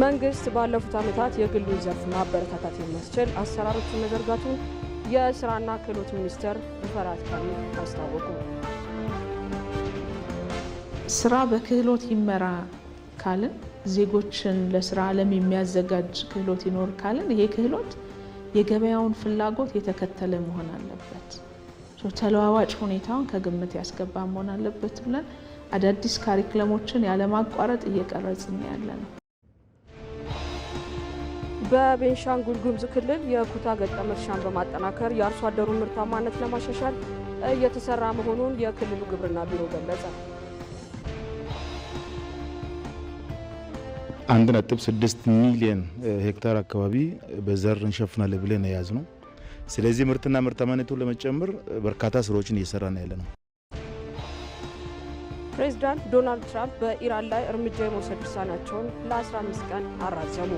መንግስት ባለፉት ዓመታት የግሉ ዘርፍ ማበረታታት የሚያስችል አሰራሮችን መዘርጋቱን የስራና ክህሎት ሚኒስትር ሙፈሪያት ካሚል አስታወቁ። ስራ በክህሎት ይመራ ካልን ዜጎችን ለስራ ዓለም የሚያዘጋጅ ክህሎት ይኖር ካልን ይሄ ክህሎት የገበያውን ፍላጎት የተከተለ መሆን አለበት፣ ተለዋዋጭ ሁኔታውን ከግምት ያስገባ መሆን አለበት ብለን አዳዲስ ካሪክለሞችን ያለማቋረጥ እየቀረጽን ያለ ነው። በቤንሻንጉል ጉሙዝ ክልል የኩታ ገጠም እርሻን በማጠናከር የአርሶ አደሩን ምርታማነት ለማሻሻል እየተሰራ መሆኑን የክልሉ ግብርና ቢሮ ገለጸ። አንድ ነጥብ ስድስት ሚሊዮን ሄክታር አካባቢ በዘር እንሸፍናለን ብለን ነው። ስለዚህ ምርትና ምርታማነቱን ለመጨመር በርካታ ስራዎችን እየሰራ ነው ያለ ነው። ፕሬዚዳንት ዶናልድ ትራምፕ በኢራን ላይ እርምጃ የመውሰድ ውሳኔያቸውን ለ15 ቀን አራዘሙ።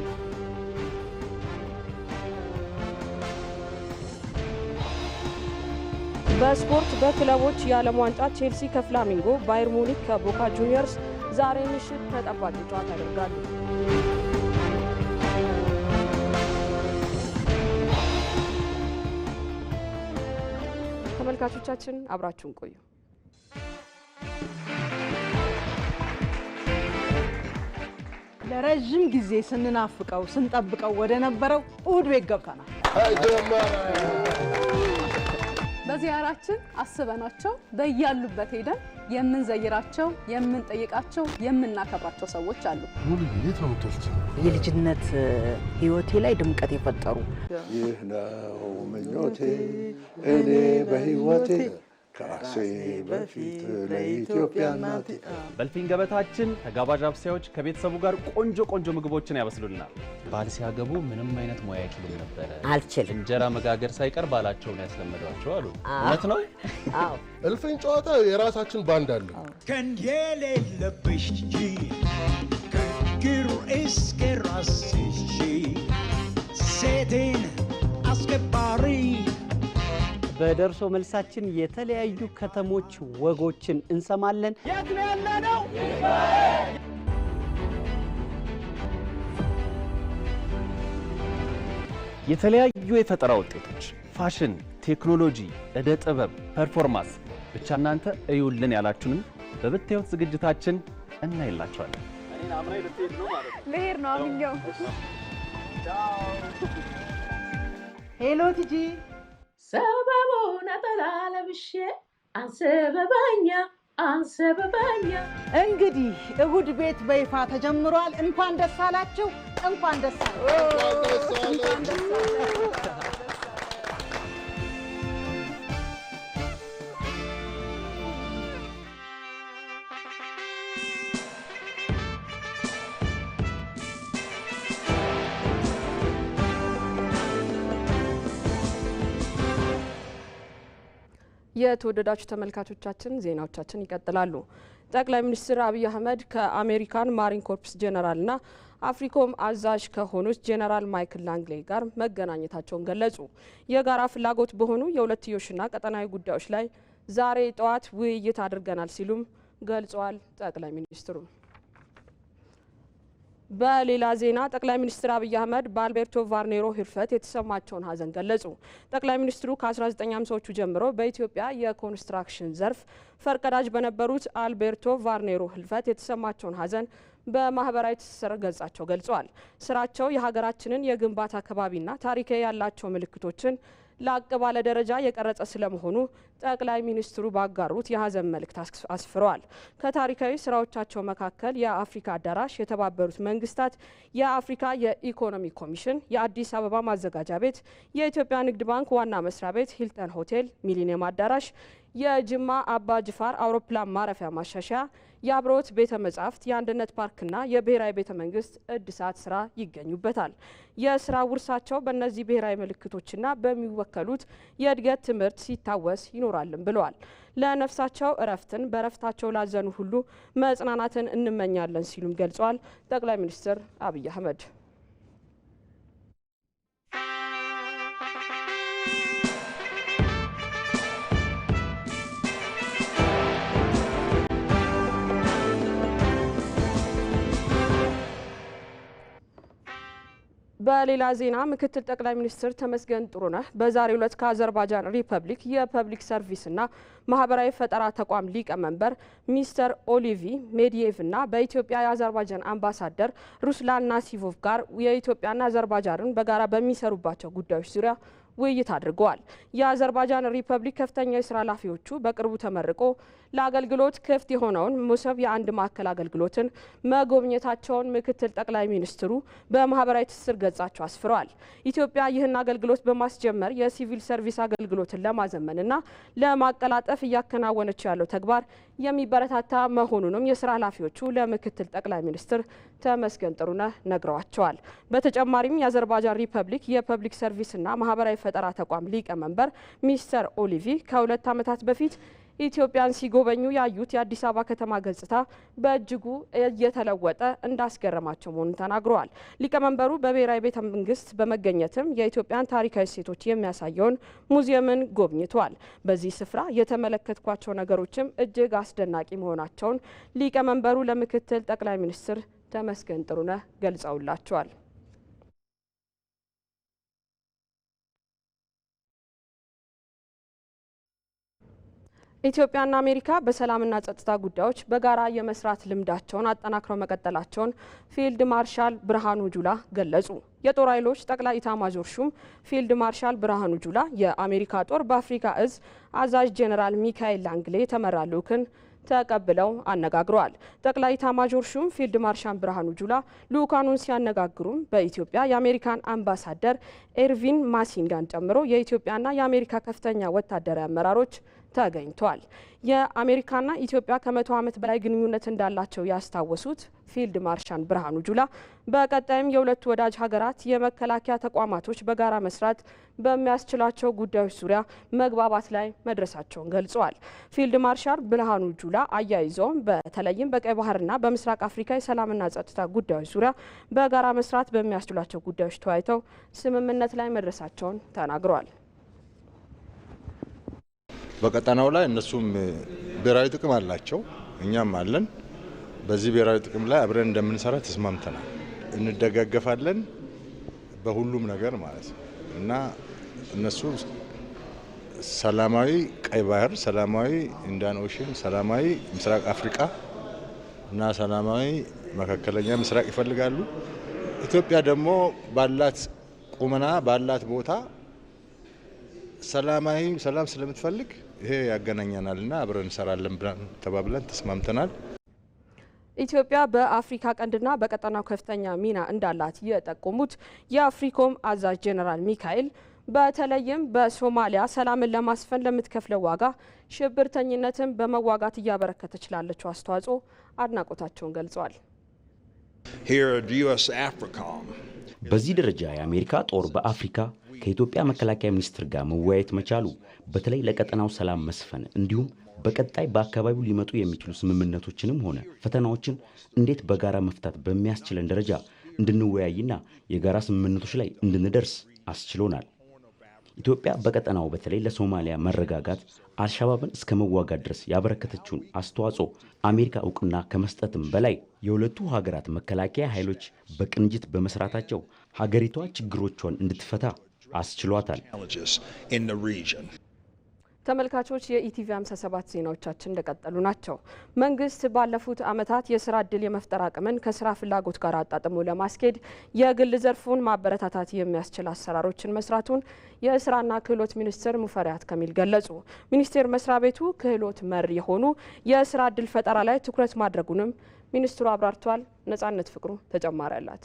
በስፖርት በክለቦች የዓለም ዋንጫ ቼልሲ ከፍላሚንጎ፣ ባየር ሙኒክ ከቦካ ጁኒየርስ ዛሬ ምሽት ተጠባቂ ጨዋታ ያደርጋሉ። ተመልካቾቻችን አብራችሁን ቆዩ። ለረዥም ጊዜ ስንናፍቀው ስንጠብቀው ወደ ነበረው እሑድ ቤት ገብተናል። በዚያራችን አስበናቸው በያሉበት ሄደን የምንዘይራቸው፣ የምንጠይቃቸው፣ የምናከብራቸው ሰዎች አሉ። የልጅነት ህይወቴ ላይ ድምቀት የፈጠሩ ይህ ነው ምኞቴ እኔ በህይወቴ በልፊን ገበታችን ተጋባዥ አብሳዮች ከቤተሰቡ ጋር ቆንጆ ቆንጆ ምግቦችን ያበስሉናል። ባል ሲያገቡ ምንም አይነት ሙያ አይችሉም ነበረ። አልችልም እንጀራ መጋገር ሳይቀር ባላቸውን ያስለመዷቸው አሉ። እውነት ነው። እልፍኝ ጨዋታ የራሳችን ባንድ አለ። ከንየሌለብሽ እስከ ራስሽ ሴቴን አስገባ በደርሶ መልሳችን የተለያዩ ከተሞች ወጎችን እንሰማለን። የት ነው የተለያዩ የፈጠራ ውጤቶች፣ ፋሽን፣ ቴክኖሎጂ፣ እደ ጥበብ፣ ፐርፎርማንስ ብቻ እናንተ እዩልን ያላችሁንም በብታዩት ዝግጅታችን እናይላቸዋለን። ልሄድ ነው አምኛው ሄሎ ቲጂ ሰበቦ ነጠላ ለብሼ አንሰበባኛ አንሰበባኛ። እንግዲህ እሑድ ቤት በይፋ ተጀምሯል። እንኳን ደስ አላችሁ፣ እንኳን ደስ አላችሁ። የተወደዳችሁ ተመልካቾቻችን ዜናዎቻችን ይቀጥላሉ። ጠቅላይ ሚኒስትር አብይ አህመድ ከአሜሪካን ማሪን ኮርፕስ ጄኔራልና አፍሪኮም አዛዥ ከሆኑት ጄኔራል ማይክል ላንግሌ ጋር መገናኘታቸውን ገለጹ። የጋራ ፍላጎት በሆኑ የሁለትዮሽና ቀጠናዊ ጉዳዮች ላይ ዛሬ ጠዋት ውይይት አድርገናል ሲሉም ገልጸዋል። ጠቅላይ ሚኒስትሩ በሌላ ዜና ጠቅላይ ሚኒስትር አብይ አህመድ በአልቤርቶ ቫርኔሮ ህልፈት የተሰማቸውን ሀዘን ገለጹ። ጠቅላይ ሚኒስትሩ ከ1950ዎቹ ጀምሮ በኢትዮጵያ የኮንስትራክሽን ዘርፍ ፈርቀዳጅ በነበሩት አልቤርቶ ቫርኔሮ ህልፈት የተሰማቸውን ሀዘን በማህበራዊ ትስስር ገጻቸው ገልጸዋል። ስራቸው የሀገራችንን የግንባታ አካባቢና ታሪካዊ ያላቸው ምልክቶችን ላቅ ባለ ደረጃ የቀረጸ ስለመሆኑ ጠቅላይ ሚኒስትሩ ባጋሩት የሀዘን መልእክት አስፍረዋል። ከታሪካዊ ስራዎቻቸው መካከል የአፍሪካ አዳራሽ፣ የተባበሩት መንግስታት የአፍሪካ የኢኮኖሚ ኮሚሽን፣ የአዲስ አበባ ማዘጋጃ ቤት፣ የኢትዮጵያ ንግድ ባንክ ዋና መስሪያ ቤት ሂልተን ሆቴል፣ ሚሊኒየም አዳራሽ፣ የጅማ አባ ጅፋር አውሮፕላን ማረፊያ ማሻሻያ የአብርሆት ቤተ መጻሕፍት፣ የአንድነት ፓርክና የብሔራዊ ቤተ መንግስት እድሳት ስራ ይገኙበታል። የስራ ውርሳቸው በእነዚህ ብሔራዊ ምልክቶችና በሚወከሉት የእድገት ትምህርት ሲታወስ ይኖራልም ብለዋል። ለነፍሳቸው እረፍትን በእረፍታቸው ላዘኑ ሁሉ መጽናናትን እንመኛለን ሲሉም ገልጸዋል። ጠቅላይ ሚኒስትር አብይ አህመድ በሌላ ዜና ምክትል ጠቅላይ ሚኒስትር ተመስገን ጥሩነህ በዛሬው ዕለት ከአዘርባጃን ሪፐብሊክ የፐብሊክ ሰርቪስና ማህበራዊ ፈጠራ ተቋም ሊቀመንበር ሚስተር ኦሊቪ ሜዲየቭ በኢትዮጵያ የአዘርባጃን አምባሳደር ሩስላን ናሲቮቭ ጋር የኢትዮጵያና አዘርባጃንን በጋራ በሚሰሩባቸው ጉዳዮች ዙሪያ ውይይት አድርገዋል። የአዘርባጃን ሪፐብሊክ ከፍተኛ የስራ ኃላፊዎቹ በቅርቡ ተመርቆ ለአገልግሎት ክፍት የሆነውን ሙሰብ የአንድ ማዕከል አገልግሎትን መጎብኘታቸውን ምክትል ጠቅላይ ሚኒስትሩ በማህበራዊ ትስስር ገጻቸው አስፍረዋል። ኢትዮጵያ ይህን አገልግሎት በማስጀመር የሲቪል ሰርቪስ አገልግሎትን ለማዘመንና ለማቀላጠፍ እያከናወነች ያለው ተግባር የሚበረታታ መሆኑንም የስራ ኃላፊዎቹ ለምክትል ጠቅላይ ሚኒስትር ተመስገን ጥሩነህ ነግረዋቸዋል። በተጨማሪም የአዘርባጃን ሪፐብሊክ የፐብሊክ ሰርቪስና ማህበራዊ የፈጠራ ተቋም ሊቀመንበር ሚስተር ኦሊቪ ከሁለት ዓመታት በፊት ኢትዮጵያን ሲጎበኙ ያዩት የአዲስ አበባ ከተማ ገጽታ በእጅጉ እየተለወጠ እንዳስገረማቸው መሆኑን ተናግረዋል። ሊቀመንበሩ በብሔራዊ ቤተ መንግስት በመገኘትም የኢትዮጵያን ታሪካዊ እሴቶች የሚያሳየውን ሙዚየምን ጎብኝቷል። በዚህ ስፍራ የተመለከትኳቸው ነገሮችም እጅግ አስደናቂ መሆናቸውን ሊቀመንበሩ ለምክትል ጠቅላይ ሚኒስትር ተመስገን ጥሩነህ ገልጸውላቸዋል። ኢትዮጵያና አሜሪካ በሰላምና ጸጥታ ጉዳዮች በጋራ የመስራት ልምዳቸውን አጠናክረው መቀጠላቸውን ፊልድ ማርሻል ብርሃኑ ጁላ ገለጹ። የጦር ኃይሎች ጠቅላይ ኢታማዦር ሹም ፊልድ ማርሻል ብርሃኑ ጁላ የአሜሪካ ጦር በአፍሪካ እዝ አዛዥ ጄኔራል ሚካኤል ላንግሌ የተመራ ልዑክን ተቀብለው አነጋግረዋል። ጠቅላይ ኢታማዦር ሹም ፊልድ ማርሻል ብርሃኑ ጁላ ልዑካኑን ሲያነጋግሩም በኢትዮጵያ የአሜሪካን አምባሳደር ኤርቪን ማሲንጋን ጨምሮ የኢትዮጵያና የአሜሪካ ከፍተኛ ወታደራዊ አመራሮች ተገኝቷል። የአሜሪካና ኢትዮጵያ ከመቶ ዓመት በላይ ግንኙነት እንዳላቸው ያስታወሱት ፊልድ ማርሻል ብርሃኑ ጁላ በቀጣይም የሁለቱ ወዳጅ ሀገራት የመከላከያ ተቋማቶች በጋራ መስራት በሚያስችላቸው ጉዳዮች ዙሪያ መግባባት ላይ መድረሳቸውን ገልጸዋል። ፊልድ ማርሻል ብርሃኑ ጁላ አያይዘውም በተለይም በቀይ ባህርና በምስራቅ አፍሪካ የሰላምና ጸጥታ ጉዳዮች ዙሪያ በጋራ መስራት በሚያስችሏቸው ጉዳዮች ተወያይተው ስምምነት ላይ መድረሳቸውን ተናግረዋል። በቀጠናው ላይ እነሱም ብሔራዊ ጥቅም አላቸው፣ እኛም አለን። በዚህ ብሔራዊ ጥቅም ላይ አብረን እንደምንሰራ ተስማምተናል። እንደጋገፋለን በሁሉም ነገር ማለት ነው እና እነሱ ሰላማዊ ቀይ ባህር፣ ሰላማዊ ኢንዲያን ኦሽን፣ ሰላማዊ ምስራቅ አፍሪካ እና ሰላማዊ መካከለኛ ምስራቅ ይፈልጋሉ። ኢትዮጵያ ደግሞ ባላት ቁመና ባላት ቦታ ሰላማዊ ሰላም ስለምትፈልግ ይሄ ያገናኘናልና አብረን እንሰራለን ብለን ተባብለን ተስማምተናል። ኢትዮጵያ በአፍሪካ ቀንድና በቀጠናው ከፍተኛ ሚና እንዳላት የጠቆሙት የአፍሪኮም አዛዥ ጄኔራል ሚካኤል በተለይም በሶማሊያ ሰላምን ለማስፈን ለምትከፍለው ዋጋ ሽብርተኝነትን በመዋጋት እያበረከተች ላለችው አስተዋጽኦ አድናቆታቸውን ገልጸዋል። በዚህ ደረጃ የአሜሪካ ጦር በአፍሪካ ከኢትዮጵያ መከላከያ ሚኒስትር ጋር መወያየት መቻሉ በተለይ ለቀጠናው ሰላም መስፈን እንዲሁም በቀጣይ በአካባቢው ሊመጡ የሚችሉ ስምምነቶችንም ሆነ ፈተናዎችን እንዴት በጋራ መፍታት በሚያስችለን ደረጃ እንድንወያይና የጋራ ስምምነቶች ላይ እንድንደርስ አስችሎናል። ኢትዮጵያ በቀጠናው በተለይ ለሶማሊያ መረጋጋት አልሻባብን እስከ መዋጋት ድረስ ያበረከተችውን አስተዋጽኦ አሜሪካ እውቅና ከመስጠትም በላይ የሁለቱ ሀገራት መከላከያ ኃይሎች በቅንጅት በመስራታቸው ሀገሪቷ ችግሮቿን እንድትፈታ አስችሏታል። ተመልካቾች የኢቲቪ 57 ዜናዎቻችን እንደቀጠሉ ናቸው። መንግስት ባለፉት አመታት የስራ እድል የመፍጠር አቅምን ከስራ ፍላጎት ጋር አጣጥሞ ለማስኬድ የግል ዘርፉን ማበረታታት የሚያስችል አሰራሮችን መስራቱን የስራና ክህሎት ሚኒስትር ሙፈሪያት ከሚል ገለጹ። ሚኒስቴር መስሪያ ቤቱ ክህሎት መር የሆኑ የስራ እድል ፈጠራ ላይ ትኩረት ማድረጉንም ሚኒስትሩ አብራርቷል ነጻነት ፍቅሩ ተጨማሪ አላት።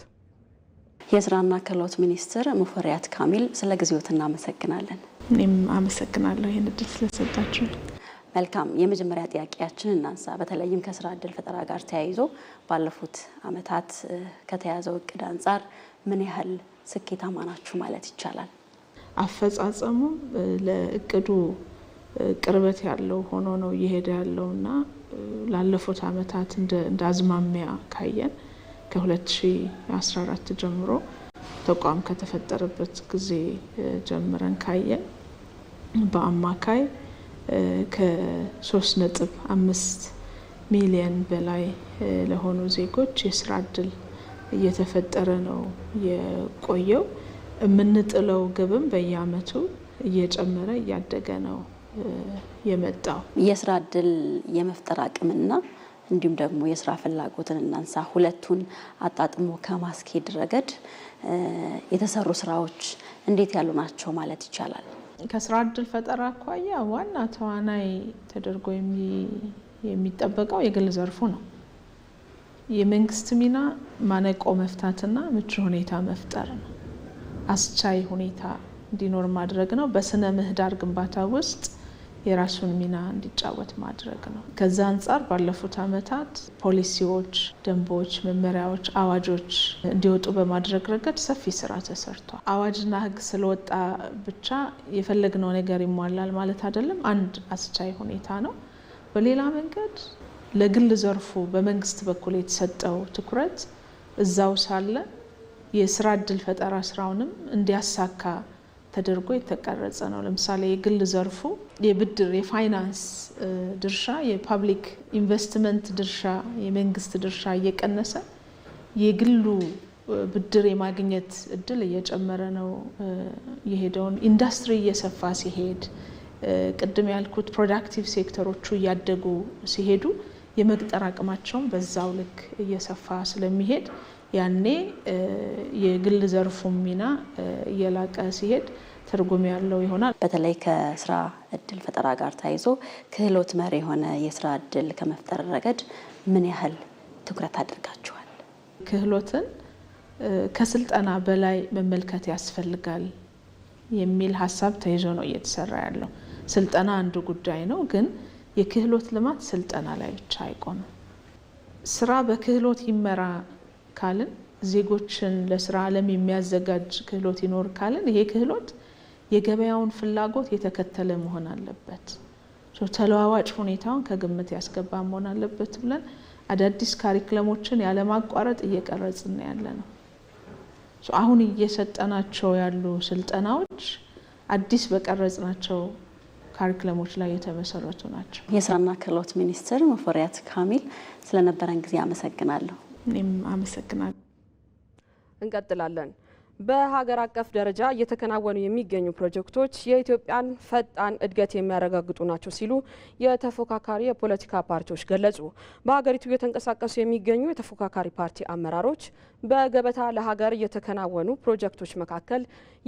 የስራና ክህሎት ሚኒስትር ሙፈሪያት ካሚል ስለ ጊዜዎት እናመሰግናለን። እኔም አመሰግናለሁ ይህን እድል ስለሰጣችሁ። መልካም የመጀመሪያ ጥያቄያችን እናንሳ። በተለይም ከስራ እድል ፈጠራ ጋር ተያይዞ ባለፉት አመታት ከተያዘው እቅድ አንጻር ምን ያህል ስኬታማ ናችሁ ማለት ይቻላል? አፈጻጸሙ ለእቅዱ ቅርበት ያለው ሆኖ ነው እየሄደ ያለው እና ላለፉት አመታት እንደ አዝማሚያ ካየን ከ2014 ጀምሮ ተቋም ከተፈጠረበት ጊዜ ጀምረን ካየን በአማካይ ከ3.5 ሚሊየን በላይ ለሆኑ ዜጎች የስራ እድል እየተፈጠረ ነው የቆየው። የምንጥለው ግብም በየአመቱ እየጨመረ እያደገ ነው የመጣው። የስራ እድል የመፍጠር አቅምና እንዲሁም ደግሞ የስራ ፍላጎትን እናንሳ። ሁለቱን አጣጥሞ ከማስኬድ ረገድ የተሰሩ ስራዎች እንዴት ያሉ ናቸው ማለት ይቻላል? ከስራ እድል ፈጠራ አኳያ ዋና ተዋናይ ተደርጎ የሚጠበቀው የግል ዘርፉ ነው። የመንግስት ሚና ማነቆ መፍታትና ምቹ ሁኔታ መፍጠር ነው። አስቻይ ሁኔታ እንዲኖር ማድረግ ነው። በስነ ምህዳር ግንባታ ውስጥ የራሱን ሚና እንዲጫወት ማድረግ ነው። ከዛ አንጻር ባለፉት አመታት ፖሊሲዎች፣ ደንቦች፣ መመሪያዎች፣ አዋጆች እንዲወጡ በማድረግ ረገድ ሰፊ ስራ ተሰርቷል። አዋጅና ህግ ስለወጣ ብቻ የፈለግነው ነገር ይሟላል ማለት አይደለም። አንድ አስቻይ ሁኔታ ነው። በሌላ መንገድ ለግል ዘርፉ በመንግስት በኩል የተሰጠው ትኩረት እዛው ሳለ የስራ እድል ፈጠራ ስራውንም እንዲያሳካ ተደርጎ የተቀረጸ ነው። ለምሳሌ የግል ዘርፉ የብድር የፋይናንስ ድርሻ፣ የፓብሊክ ኢንቨስትመንት ድርሻ፣ የመንግስት ድርሻ እየቀነሰ የግሉ ብድር የማግኘት እድል እየጨመረ ነው የሄደውን ኢንዱስትሪ እየሰፋ ሲሄድ ቅድም ያልኩት ፕሮዳክቲቭ ሴክተሮቹ እያደጉ ሲሄዱ የመቅጠር አቅማቸውን በዛው ልክ እየሰፋ ስለሚሄድ ያኔ የግል ዘርፉ ሚና እየላቀ ሲሄድ ትርጉም ያለው ይሆናል። በተለይ ከስራ እድል ፈጠራ ጋር ተያይዞ ክህሎት መር የሆነ የስራ እድል ከመፍጠር ረገድ ምን ያህል ትኩረት አድርጋችኋል? ክህሎትን ከስልጠና በላይ መመልከት ያስፈልጋል የሚል ሀሳብ ተይዞ ነው እየተሰራ ያለው። ስልጠና አንዱ ጉዳይ ነው፣ ግን የክህሎት ልማት ስልጠና ላይ ብቻ አይቆምም። ስራ በክህሎት ይመራ ካልን ዜጎችን ለስራ ዓለም የሚያዘጋጅ ክህሎት ይኖር ካልን ይሄ ክህሎት የገበያውን ፍላጎት የተከተለ መሆን አለበት። ተለዋዋጭ ሁኔታውን ከግምት ያስገባ መሆን አለበት ብለን አዳዲስ ካሪክለሞችን ያለማቋረጥ እየቀረጽን ያለ ነው። አሁን እየሰጠናቸው ያሉ ስልጠናዎች አዲስ በቀረጽናቸው ካሪክለሞች ላይ የተመሰረቱ ናቸው። የስራና ክህሎት ሚኒስትር ሙፈሪያት ካሚል ስለነበረን ጊዜ አመሰግናለሁ። እኔም አመሰግናለሁ። እንቀጥላለን። በሀገር አቀፍ ደረጃ እየተከናወኑ የሚገኙ ፕሮጀክቶች የኢትዮጵያን ፈጣን እድገት የሚያረጋግጡ ናቸው ሲሉ የተፎካካሪ የፖለቲካ ፓርቲዎች ገለጹ። በሀገሪቱ እየተንቀሳቀሱ የሚገኙ የተፎካካሪ ፓርቲ አመራሮች በገበታ ለሀገር እየተከናወኑ ፕሮጀክቶች መካከል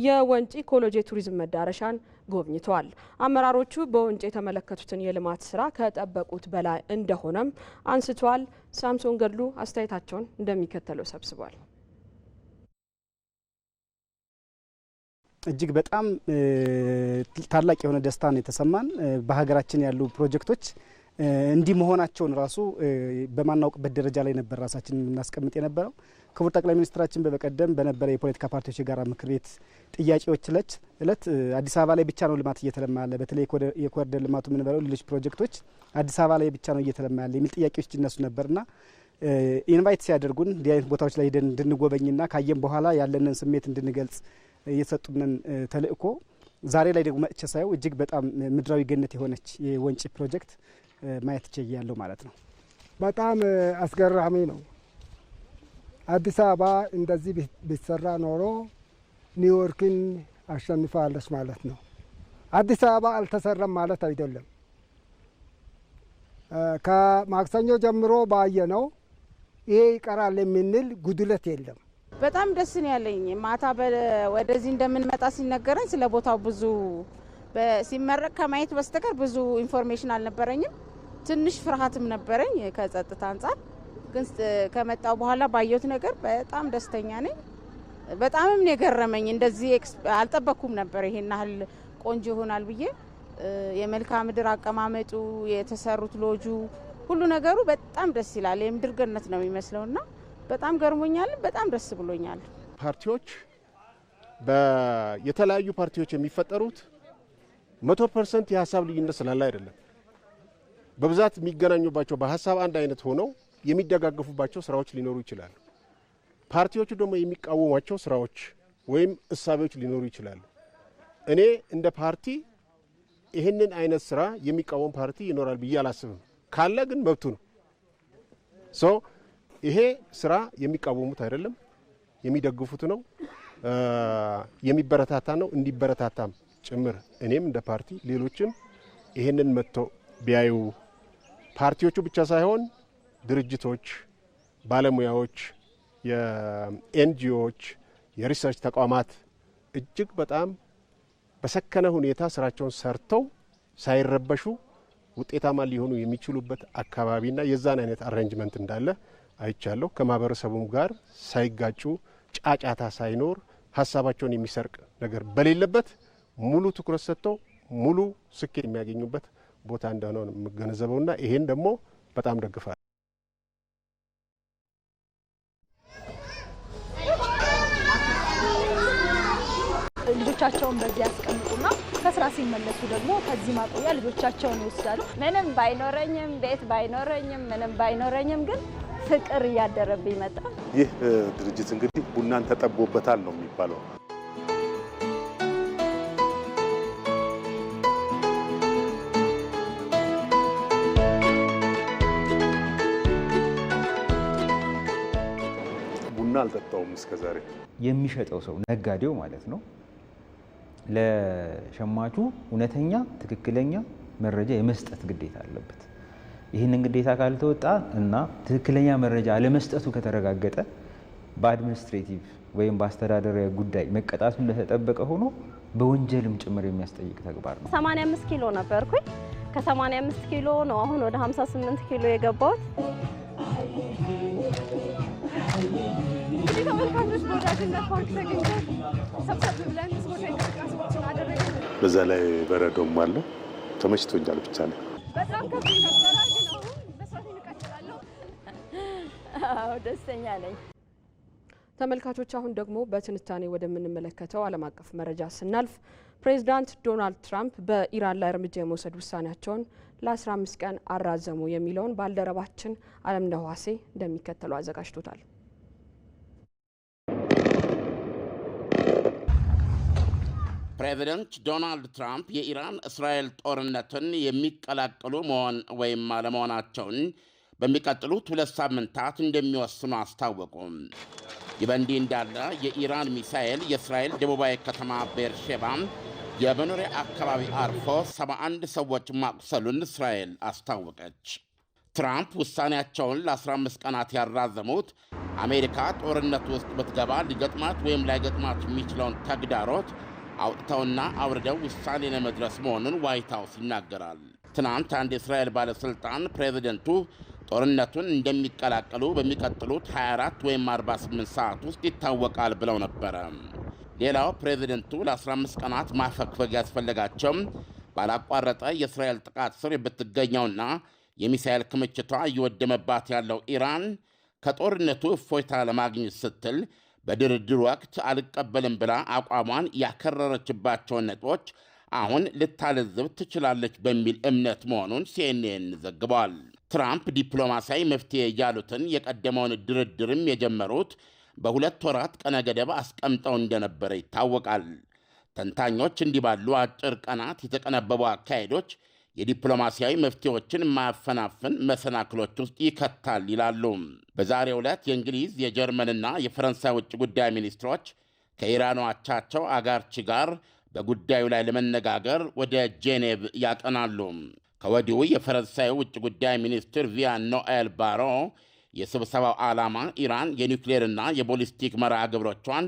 የወንጪ ኢኮሎጂ ቱሪዝም መዳረሻን ጎብኝተዋል። አመራሮቹ በወንጪ የተመለከቱትን የልማት ስራ ከጠበቁት በላይ እንደሆነም አንስተዋል። ሳምሶን ገድሉ አስተያየታቸውን እንደሚከተለው ሰብስቧል። እጅግ በጣም ታላቅ የሆነ ደስታ ነው የተሰማን። በሀገራችን ያሉ ፕሮጀክቶች እንዲህ መሆናቸውን ራሱ በማናውቅበት ደረጃ ላይ ነበር ራሳችን የምናስቀምጥ የነበረው። ክቡር ጠቅላይ ሚኒስትራችን በበቀደም በነበረ የፖለቲካ ፓርቲዎች የጋራ ምክር ቤት ጥያቄዎች እለት እለት አዲስ አበባ ላይ ብቻ ነው ልማት እየተለማ ያለ በተለይ የኮሪደር ልማቱ የምንበለው ሌሎች ፕሮጀክቶች አዲስ አበባ ላይ ብቻ ነው እየተለማ ያለ የሚል ጥያቄዎች ይነሱ ነበርና ኢንቫይት ሲያደርጉን እንዲህ አይነት ቦታዎች ላይ ሄደን እንድንጎበኝና ካየን በኋላ ያለንን ስሜት እንድንገልጽ የሰጡንን ተልእኮ ዛሬ ላይ ደግሞ መጥቼ ሳየው እጅግ በጣም ምድራዊ ገነት የሆነች የወንጪ ፕሮጀክት ማየት ችያለሁ ማለት ነው። በጣም አስገራሚ ነው። አዲስ አበባ እንደዚህ ቢሰራ ኖሮ ኒውዮርክን አሸንፋለች ማለት ነው። አዲስ አበባ አልተሰራም ማለት አይደለም። ከማክሰኞ ጀምሮ ባየ ነው ይሄ ይቀራል የምንል ጉድለት የለም። በጣም ደስ ነው ያለኝ። ማታ ወደዚህ እንደምንመጣ ሲነገረኝ ስለ ቦታው ብዙ ሲመረቅ ከማየት በስተቀር ብዙ ኢንፎርሜሽን አልነበረኝም። ትንሽ ፍርሃትም ነበረኝ ከጸጥታ አንጻር። ግን ከመጣው በኋላ ባየሁት ነገር በጣም ደስተኛ ነኝ። በጣምም የገረመኝ። እንደዚህ አልጠበኩም ነበር ይሄን ያህል ቆንጆ ይሆናል ብዬ። የመልክዓ ምድር አቀማመጡ፣ የተሰሩት ሎጁ፣ ሁሉ ነገሩ በጣም ደስ ይላል። የምድር ገነት ነው የሚመስለውና በጣም ገርሞኛል። በጣም ደስ ብሎኛል። ፓርቲዎች የተለያዩ ፓርቲዎች የሚፈጠሩት መቶ ፐርሰንት የሀሳብ ልዩነት ስላለ አይደለም። በብዛት የሚገናኙባቸው በሀሳብ አንድ አይነት ሆነው የሚደጋገፉባቸው ስራዎች ሊኖሩ ይችላሉ። ፓርቲዎቹ ደግሞ የሚቃወሟቸው ስራዎች ወይም እሳቤዎች ሊኖሩ ይችላሉ። እኔ እንደ ፓርቲ ይህንን አይነት ስራ የሚቃወም ፓርቲ ይኖራል ብዬ አላስብም። ካለ ግን መብቱ ነው። ይሄ ስራ የሚቃወሙት አይደለም፣ የሚደግፉት ነው፣ የሚበረታታ ነው። እንዲበረታታም ጭምር እኔም እንደ ፓርቲ ሌሎችም ይሄንን መጥቶ ቢያዩ ፓርቲዎቹ ብቻ ሳይሆን ድርጅቶች፣ ባለሙያዎች፣ የኤንጂኦዎች፣ የሪሰርች ተቋማት እጅግ በጣም በሰከነ ሁኔታ ስራቸውን ሰርተው ሳይረበሹ ውጤታማ ሊሆኑ የሚችሉበት አካባቢና የዛን አይነት አሬንጅመንት እንዳለ አይቻለሁ። ከማህበረሰቡም ጋር ሳይጋጩ ጫጫታ ሳይኖር ሀሳባቸውን የሚሰርቅ ነገር በሌለበት ሙሉ ትኩረት ሰጥተው ሙሉ ስኬት የሚያገኙበት ቦታ እንደሆነ ነው የምገነዘበውና ይሄን ደግሞ በጣም ደግፋል። ልጆቻቸውን በዚህ ያስቀምጡና ከስራ ሲመለሱ ደግሞ ከዚህ ማቆያ ልጆቻቸውን ይወስዳሉ። ምንም ባይኖረኝም ቤት ባይኖረኝም ምንም ባይኖረኝም ግን ፍቅር እያደረብኝ መጣ። ይህ ድርጅት እንግዲህ ቡናን ተጠቦበታል ነው የሚባለው። ቡና አልጠጣውም እስከዛሬ። የሚሸጠው ሰው ነጋዴው ማለት ነው ለሸማቹ እውነተኛ ትክክለኛ መረጃ የመስጠት ግዴታ አለበት። ይህንን ግዴታ ካልተወጣ እና ትክክለኛ መረጃ አለመስጠቱ ከተረጋገጠ በአድሚኒስትሬቲቭ ወይም በአስተዳደራዊ ጉዳይ መቀጣቱ እንደተጠበቀ ሆኖ በወንጀልም ጭምር የሚያስጠይቅ ተግባር ነው። 85 ኪሎ ነበርኩኝ። ከ85 ኪሎ ነው አሁን ወደ 58 ኪሎ የገባሁት። በዛ ላይ በረዶም አለ። ተመችቶኛል ብቻ ነው። ደስተኛ ነኝ። ተመልካቾች አሁን ደግሞ በትንታኔ ወደምንመለከተው ዓለም አቀፍ መረጃ ስናልፍ ፕሬዚዳንት ዶናልድ ትራምፕ በኢራን ላይ እርምጃ የመውሰድ ውሳኔያቸውን ለ15 ቀን አራዘሙ የሚለውን ባልደረባችን አለም ነዋሴ እንደሚከተለው አዘጋጅቶታል። ፕሬዚደንት ዶናልድ ትራምፕ የኢራን እስራኤል ጦርነትን የሚቀላቀሉ መሆን ወይም አለመሆናቸውን በሚቀጥሉት ሁለት ሳምንታት እንደሚወስኑ አስታወቁም። ይህ በእንዲህ እንዳለ የኢራን ሚሳኤል የእስራኤል ደቡባዊ ከተማ ቤርሼባ የመኖሪያ አካባቢ አርፎ 71 ሰዎች ማቁሰሉን እስራኤል አስታወቀች። ትራምፕ ውሳኔያቸውን ለ15 ቀናት ያራዘሙት አሜሪካ ጦርነት ውስጥ ብትገባ ሊገጥማት ወይም ላይገጥማት የሚችለውን ተግዳሮት አውጥተውና አውርደው ውሳኔ ለመድረስ መሆኑን ዋይት ሀውስ ይናገራል። ትናንት አንድ የእስራኤል ባለሥልጣን ፕሬዚደንቱ ጦርነቱን እንደሚቀላቀሉ በሚቀጥሉት 24 ወይም 48 ሰዓት ውስጥ ይታወቃል ብለው ነበረ። ሌላው ፕሬዚደንቱ ለ15 ቀናት ማፈግፈግ ያስፈለጋቸው ባላቋረጠ የእስራኤል ጥቃት ስር የምትገኘውና የሚሳኤል ክምችቷ እየወደመባት ያለው ኢራን ከጦርነቱ እፎይታ ለማግኘት ስትል በድርድር ወቅት አልቀበልም ብላ አቋሟን ያከረረችባቸውን ነጥቦች አሁን ልታለዝብ ትችላለች በሚል እምነት መሆኑን ሲኤንኤን ዘግቧል። ትራምፕ ዲፕሎማሲያዊ መፍትሄ ያሉትን የቀደመውን ድርድርም የጀመሩት በሁለት ወራት ቀነ ገደብ አስቀምጠው እንደነበረ ይታወቃል። ተንታኞች እንዲህ ባሉ አጭር ቀናት የተቀነበቡ አካሄዶች የዲፕሎማሲያዊ መፍትሄዎችን የማያፈናፍን መሰናክሎች ውስጥ ይከታል ይላሉ። በዛሬ ዕለት የእንግሊዝ የጀርመንና የፈረንሳይ ውጭ ጉዳይ ሚኒስትሮች ከኢራኑ አቻቸው አጋርቺ ጋር በጉዳዩ ላይ ለመነጋገር ወደ ጄኔቭ ያቀናሉ። ከወዲሁ የፈረንሳይ ውጭ ጉዳይ ሚኒስትር ቪያኖ ኖኤል ባሮ የስብሰባው ዓላማ ኢራን የኒውክሌርና የቦሊስቲክ መርሃ ግብሮቿን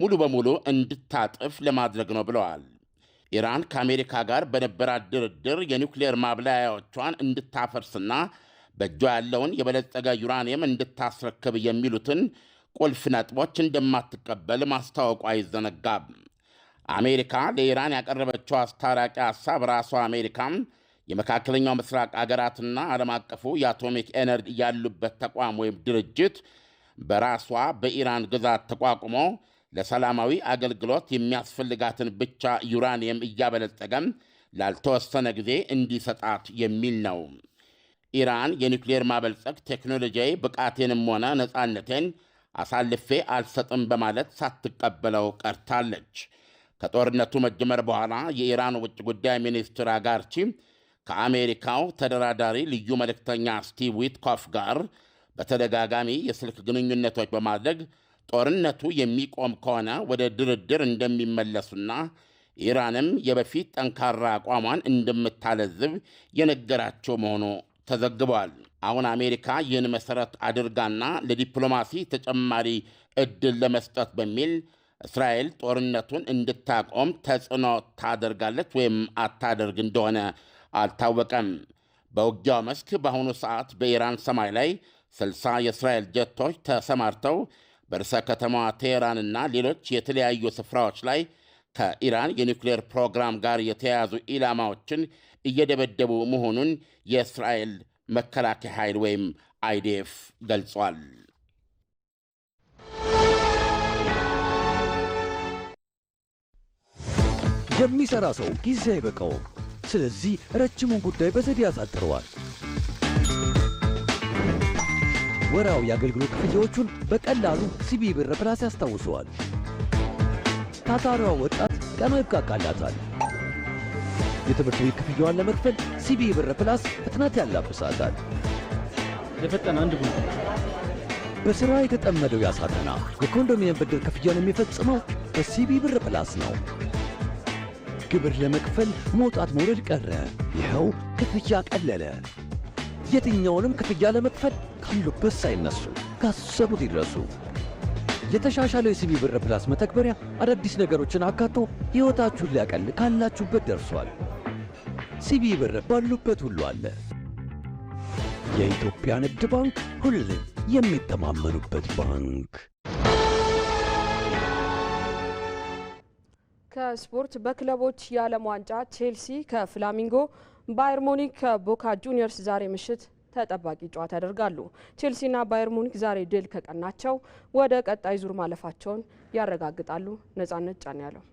ሙሉ በሙሉ እንድታጥፍ ለማድረግ ነው ብለዋል። ኢራን ከአሜሪካ ጋር በነበራት ድርድር የኒውክሌር ማብላያዎቿን እንድታፈርስና በእጇ ያለውን የበለጸገ ዩራኒየም እንድታስረክብ የሚሉትን ቁልፍ ነጥቦች እንደማትቀበል ማስታወቋ አይዘነጋም። አሜሪካ ለኢራን ያቀረበችው አስታራቂ ሐሳብ ራሷ አሜሪካም የመካከለኛው ምስራቅ አገራትና ዓለም አቀፉ የአቶሚክ ኤነርጂ ያሉበት ተቋም ወይም ድርጅት በራሷ በኢራን ግዛት ተቋቁሞ ለሰላማዊ አገልግሎት የሚያስፈልጋትን ብቻ ዩራኒየም እያበለጸገም ላልተወሰነ ጊዜ እንዲሰጣት የሚል ነው። ኢራን የኒውክሌር ማበልጸግ ቴክኖሎጂ ብቃቴንም ሆነ ነፃነቴን አሳልፌ አልሰጥም በማለት ሳትቀበለው ቀርታለች። ከጦርነቱ መጀመር በኋላ የኢራን ውጭ ጉዳይ ሚኒስትር አጋርቺ ከአሜሪካው ተደራዳሪ ልዩ መልእክተኛ ስቲቭ ዊትኮፍ ጋር በተደጋጋሚ የስልክ ግንኙነቶች በማድረግ ጦርነቱ የሚቆም ከሆነ ወደ ድርድር እንደሚመለሱና ኢራንም የበፊት ጠንካራ አቋሟን እንደምታለዝብ የነገራቸው መሆኑ ተዘግቧል። አሁን አሜሪካ ይህን መሠረት አድርጋና ለዲፕሎማሲ ተጨማሪ ዕድል ለመስጠት በሚል እስራኤል ጦርነቱን እንድታቆም ተጽዕኖ ታደርጋለች ወይም አታደርግ እንደሆነ አልታወቀም። በውጊያው መስክ በአሁኑ ሰዓት በኢራን ሰማይ ላይ 60 የእስራኤል ጀቶች ተሰማርተው በርዕሰ ከተማዋ ቴሄራንና ሌሎች የተለያዩ ስፍራዎች ላይ ከኢራን የኒውክሌር ፕሮግራም ጋር የተያያዙ ኢላማዎችን እየደበደቡ መሆኑን የእስራኤል መከላከያ ኃይል ወይም አይዲኤፍ ገልጿል። የሚሠራ ሰው ጊዜ አይበቃውም። ስለዚህ ረጅሙን ጉዳይ በዘዴ ያሳጥረዋል። ወራዊ የአገልግሎት ክፍያዎቹን በቀላሉ ሲቢ ብር ፕላስ ያስታውሰዋል። ታታሪዋ ወጣት ቀኑ ይብቃቃላታል። የትምህርት ቤት ክፍያዋን ለመክፈል ሲቢ ብር ፕላስ ፍጥነት ያላብሳታል። የፈጠነ አንድ ጉዳይ የተጠመደው ያሳተና የኮንዶሚኒየም ብድር ክፍያን የሚፈጽመው በሲቢ ብር ፕላስ ነው። ግብር ለመክፈል መውጣት መውረድ ቀረ። ይኸው ክፍያ ቀለለ። የትኛውንም ክፍያ ለመክፈል ካሉበት ሳይነሱ ካሰቡት ይድረሱ። የተሻሻለው የሲቢ ብር ፕላስ መተግበሪያ አዳዲስ ነገሮችን አካቶ ሕይወታችሁን ሊያቀል ካላችሁበት ደርሷል። ሲቢ ብር ባሉበት ሁሉ አለ። የኢትዮጵያ ንግድ ባንክ ሁሌም የሚተማመኑበት ባንክ ከስፖርት በክለቦች የዓለም ዋንጫ ቼልሲ ከፍላሚንጎ፣ ባየር ሙኒክ ከቦካ ጁኒየርስ ዛሬ ምሽት ተጠባቂ ጨዋታ ያደርጋሉ። ቼልሲና ባየር ሙኒክ ዛሬ ድል ከቀናቸው ወደ ቀጣይ ዙር ማለፋቸውን ያረጋግጣሉ። ነጻነት ጫን ያለው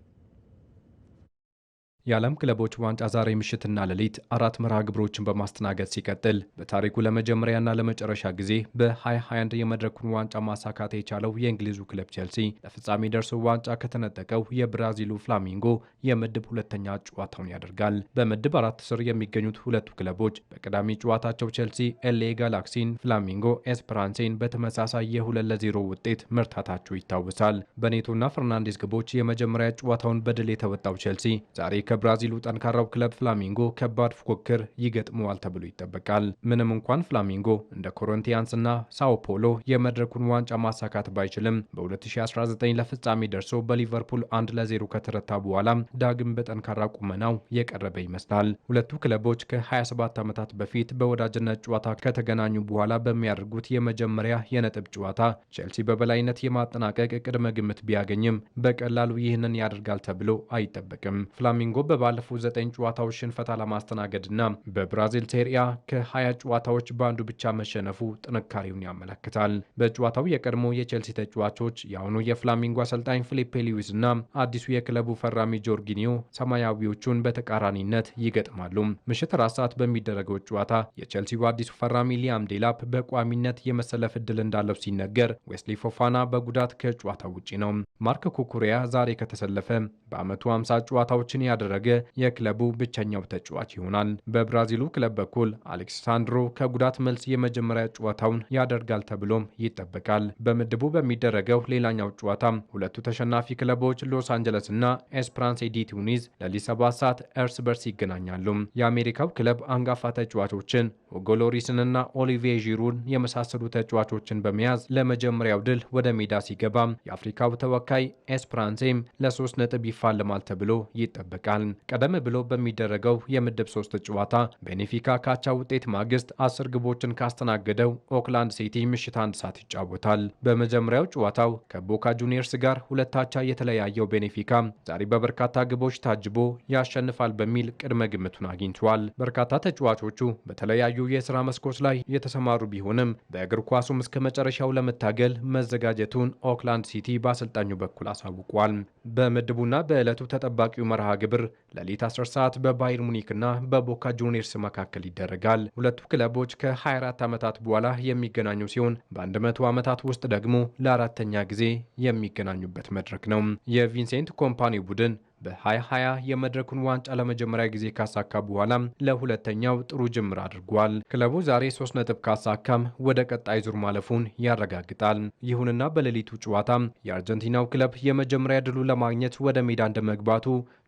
የዓለም ክለቦች ዋንጫ ዛሬ ምሽትና ሌሊት አራት መርሃ ግብሮችን በማስተናገድ ሲቀጥል በታሪኩ ለመጀመሪያና ለመጨረሻ ጊዜ በ2021 የመድረኩን ዋንጫ ማሳካት የቻለው የእንግሊዙ ክለብ ቼልሲ ለፍጻሜ ደርሶ ዋንጫ ከተነጠቀው የብራዚሉ ፍላሚንጎ የምድብ ሁለተኛ ጨዋታውን ያደርጋል። በምድብ አራት ስር የሚገኙት ሁለቱ ክለቦች በቀዳሚ ጨዋታቸው ቼልሲ ኤሌ ጋላክሲን፣ ፍላሚንጎ ኤስፐራንሴን በተመሳሳይ የሁለት ለዜሮ ውጤት መርታታቸው ይታወሳል። በኔቶና ፈርናንዴስ ግቦች የመጀመሪያ ጨዋታውን በድል የተወጣው ቼልሲ ዛሬ ከብራዚሉ ጠንካራው ክለብ ፍላሚንጎ ከባድ ፉክክር ይገጥመዋል ተብሎ ይጠበቃል። ምንም እንኳን ፍላሚንጎ እንደ ኮሪንቲያንስ እና ሳኦ ፖሎ የመድረኩን ዋንጫ ማሳካት ባይችልም በ2019 ለፍጻሜ ደርሶ በሊቨርፑል አንድ ለዜሮ ከተረታ በኋላም ዳግም በጠንካራ ቁመናው የቀረበ ይመስላል። ሁለቱ ክለቦች ከ27 ዓመታት በፊት በወዳጅነት ጨዋታ ከተገናኙ በኋላ በሚያደርጉት የመጀመሪያ የነጥብ ጨዋታ ቼልሲ በበላይነት የማጠናቀቅ ቅድመ ግምት ቢያገኝም በቀላሉ ይህንን ያደርጋል ተብሎ አይጠበቅም። ፍላሚንጎ በባለፉት ዘጠኝ ጨዋታዎች ሽንፈት አለማስተናገድና በብራዚል ሴሪያ ከ20 ጨዋታዎች በአንዱ ብቻ መሸነፉ ጥንካሬውን ያመለክታል። በጨዋታው የቀድሞ የቼልሲ ተጫዋቾች የአሁኑ የፍላሚንጎ አሰልጣኝ ፊሊፔ ሉዊስ እና አዲሱ የክለቡ ፈራሚ ጆርጊኒዮ ሰማያዊዎቹን በተቃራኒነት ይገጥማሉ። ምሽት አራት ሰዓት በሚደረገው ጨዋታ የቼልሲው አዲሱ ፈራሚ ሊያም ዴላፕ በቋሚነት የመሰለፍ እድል እንዳለው ሲነገር፣ ዌስሊ ፎፋና በጉዳት ከጨዋታው ውጪ ነው። ማርክ ኩኩሪያ ዛሬ ከተሰለፈ በዓመቱ 50 ጨዋታዎችን ያደረ ያደረገ የክለቡ ብቸኛው ተጫዋች ይሆናል። በብራዚሉ ክለብ በኩል አሌክሳንድሮ ከጉዳት መልስ የመጀመሪያ ጨዋታውን ያደርጋል ተብሎም ይጠበቃል። በምድቡ በሚደረገው ሌላኛው ጨዋታም ሁለቱ ተሸናፊ ክለቦች ሎስ አንጀለስ እና ኤስፕራንስ ዲ ቱኒዝ ለሊት ሰባት ሰዓት እርስ በርስ ይገናኛሉ። የአሜሪካው ክለብ አንጋፋ ተጫዋቾችን ሁጎ ሎሪስንና ኦሊቪዬ ዢሩን የመሳሰሉ ተጫዋቾችን በመያዝ ለመጀመሪያው ድል ወደ ሜዳ ሲገባ የአፍሪካው ተወካይ ኤስፕራንሴም ለሶስት ነጥብ ይፋለማል ተብሎ ይጠበቃል። ተጠናቋል። ቀደም ብሎ በሚደረገው የምድብ ሶስት ጨዋታ ቤኔፊካ ካቻ ውጤት ማግስት አስር ግቦችን ካስተናገደው ኦክላንድ ሲቲ ምሽት አንድ ሰዓት ይጫወታል። በመጀመሪያው ጨዋታው ከቦካ ጁኒየርስ ጋር ሁለታቻ የተለያየው ቤኔፊካ ዛሬ በበርካታ ግቦች ታጅቦ ያሸንፋል በሚል ቅድመ ግምቱን አግኝቷል። በርካታ ተጫዋቾቹ በተለያዩ የስራ መስኮች ላይ የተሰማሩ ቢሆንም በእግር ኳሱም እስከ መጨረሻው ለመታገል መዘጋጀቱን ኦክላንድ ሲቲ በአሰልጣኙ በኩል አሳውቋል። በምድቡና በዕለቱ ተጠባቂው መርሃ ግብር ሌሊት 10 ሰዓት በባየር ሙኒክና በቦካ ጁኒየርስ መካከል ይደረጋል። ሁለቱ ክለቦች ከ24 ዓመታት በኋላ የሚገናኙ ሲሆን በ100 ዓመታት ውስጥ ደግሞ ለአራተኛ ጊዜ የሚገናኙበት መድረክ ነው። የቪንሴንት ኮምፓኒ ቡድን በ2020 የመድረኩን ዋንጫ ለመጀመሪያ ጊዜ ካሳካ በኋላ ለሁለተኛው ጥሩ ጅምር አድርጓል። ክለቡ ዛሬ ሶስት ነጥብ ካሳካም ወደ ቀጣይ ዙር ማለፉን ያረጋግጣል። ይሁንና በሌሊቱ ጨዋታ የአርጀንቲናው ክለብ የመጀመሪያ ድሉ ለማግኘት ወደ ሜዳ እንደመግባቱ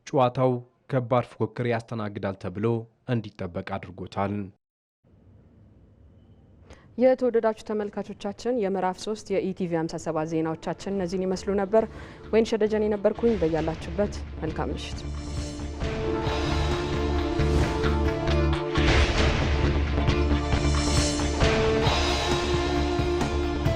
ጨዋታው ከባድ ፉክክር ያስተናግዳል ተብሎ እንዲጠበቅ አድርጎታል። የተወደዳችሁ ተመልካቾቻችን የምዕራፍ 3 የኢቲቪ 57 ዜናዎቻችን እነዚህን ይመስሉ ነበር። ወይን ሸደጀን የነበርኩኝ። በያላችሁበት መልካም ምሽት